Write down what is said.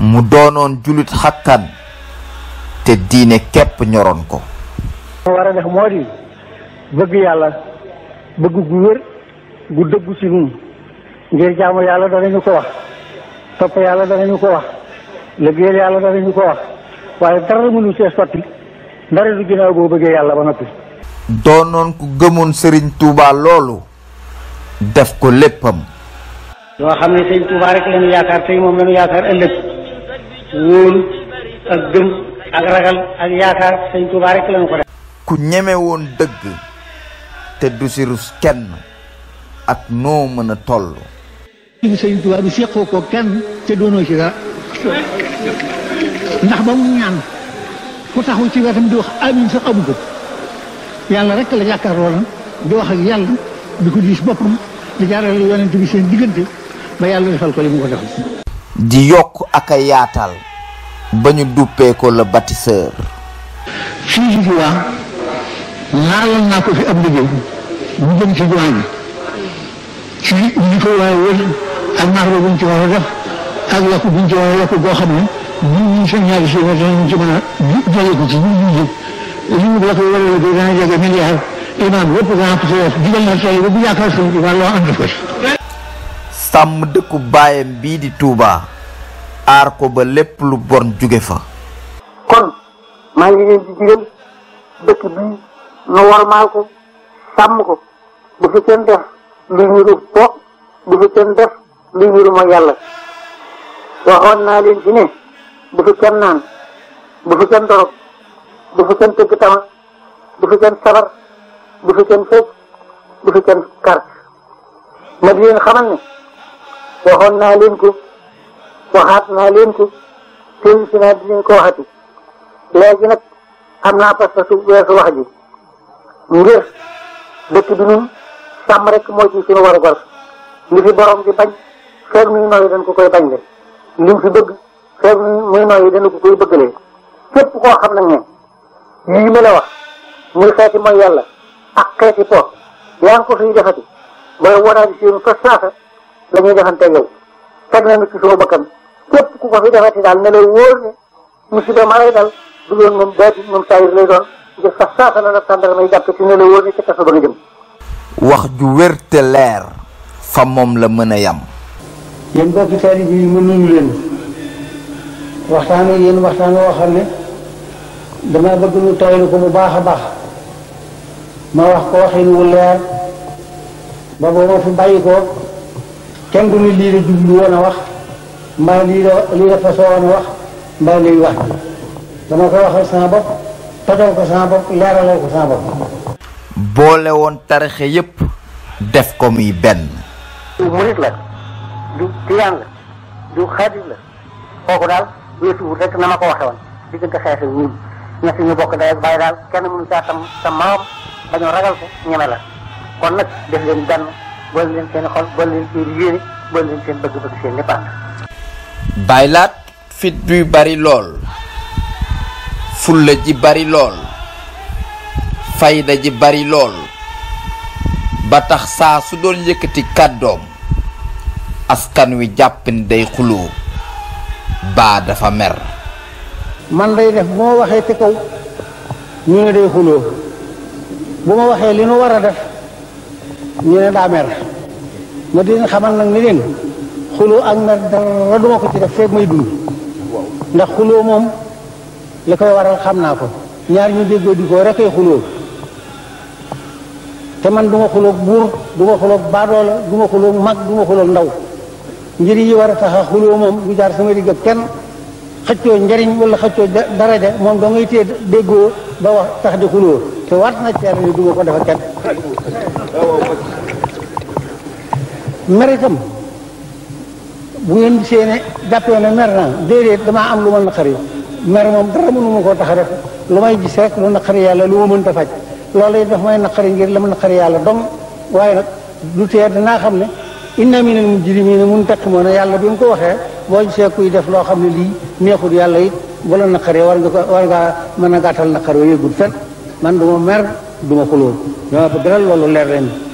mu doonoon julit xàkkan te diine képp ñoroon ko war a def moo di bëgg yàlla bëgg gu wër gu dëggu ci nun ngir jaamu yàlla danañu ko wax topp yàlla ñu ko wax liggéeyal yàlla ñu ko wax waaye dara mënu see sotti ndara du ginnaaw boo bëggee yàlla ba noppi doonoon ku gëmoon sëriñ tuuba loolu def ko léppam. ñoo xam ne sëñ Touba rek la ñu yaakaar tey moom la yaakaar ëllëg wóolu ak gëm ak ragal ak yaakaar sëñ Touba rek la ko def. ku ñeme woon dëgg te du si rus kenn ak noo mën a toll. sëñ Touba du ci ndax ba mu ñaan ku taxul ci wetam di wax amiin sax amu ko. yàlla rek la jàkkaarloolam di wax ak yàlla di ko diis boppam di jaarale yonent bi seen diggante ba yàlla defal ko li ko defal. di yokk ak a yaatal ba ñu duppee ko le bâtisseur. fii ci Touba laalal naa ko fi ab liggéey mu jëm ci jumaa ji ko goo xam ne ñun ñun seen ñaari si danañ ci mën ñu jëm. li mu wax wala jege milliard imaam yëpp gën a am tuuti digal na tey ba bu yaakaar sëñ bi wàllu am na ko sàmm dëkku baayam bii di Touba aar ko ba lépp lu bon jóge fa. kon maa ngi leen di digal dëkk bii nu warmaal ko sàmm ko bu fi kenn def lu niru po bu fi kenn def lu niru mooy yàlla waxoon naa leen ci ne bu fi naan bu fi kenn du fi kenn tëgg tama du fi kenn sabar du fi kenn fecc du fi kenn kar ma xamal ne waxoon naa leen ko waxaat naa leen ko tey si naa di leen ko waxati léegi nag am naa pas-pasu weesu wax ji ngir dëkk bi ñun sàmm rek mooy ci suñu warugar li fi borom di bañ feeg muy nooyi dañ ko koy bañ le li mu fi bëgg feeg muy nooyi dañ ko koy bëgg le képp koo xam nag ne yii ma la wax muy xeeti mooy yàlla ak xeeti po yaa ngi ko fiy defati booy waraati seen fa saasa la ñuy defante yow teg nañu ci sama bakkan képp ku ko fi defati daal ne lay wóor ne musiba ma lay dal du yoon moom daati moom saayir lay doon ngir fa saasa la la tàndal may jàpp ci ne lay wóor ne ci kaso ba nga jëm wax ju wér te leer fa moom la mën a yam yéen bokki taalibe yi ma nuyu leen waxtaan ak yéen waxtaan ne dama bëgg ñu taylu ko bu baax a baax ma wax ko waxin wu leer ba booba fi bàyyi ko kenn du ni lii la jublu woon a wax mbaa lii la lii la fasoo a wax mbaa lii wax dama ko waxal sama bopp tojal ko sama bopp leeralal ko sama bopp boole woon tarixe yépp def ko muy benn murit la du tiyaan la du xaadir la kooku ko waxe diggante xeex ñun ñett ñu bokk ndey ak bàyyi daal kenn mu caa tam sa maam ragal ko ñeme la kon nag def leen benn boole leen laat fit buy bari lool fulla ji bari lool fayda ji bari lool ba tax saa su doon yëkkati kàddoom askan wi jàpp ni day xuloo baa dafa mer man lay def bu ma waxee ci kaw ñu ne day xuloo bu ma waxee li nu war a def ñu ne daa mer ma di xamal nag ni leen xuloo ak mer duma ko ci def feeg may dund ndax xuloo moom li koy waral xam naa ko ñaar ñu déggoo di ko rekk xuloo te man duma xuloog buur duma xuloog baadoola duma xuloog mag duma xuloog ndaw njëriñ yi war a tax a xuloo moom du jaar sama digg ak kenn xëccoo njariñ wala xëccoo daraja moom da ngay téye déggoo ba wax tax di xuloo te war na ceer ni duma ko dafa kenn mer bu ngeen gisee ne jàppee ne mer naa déedéet damaa am lu ma naqari mer moom dara mënu ma koo tax a def lu may gis rek lu naqari yàlla lu ma mënta faj loolu it daf may naqari ngir la ma naqari yàlla dong waaye nag du tee dinaa xam ne inna minal mujrimina mun taqimoon yàlla bi mu ko waxee boo gisee kuy def loo xam ne lii neexul yàlla it wala naqaree war nga ko war ngaa mën a gàttal naqaree yëgul fen man du mer du ma xulóo dama ko dëral loolu leer leen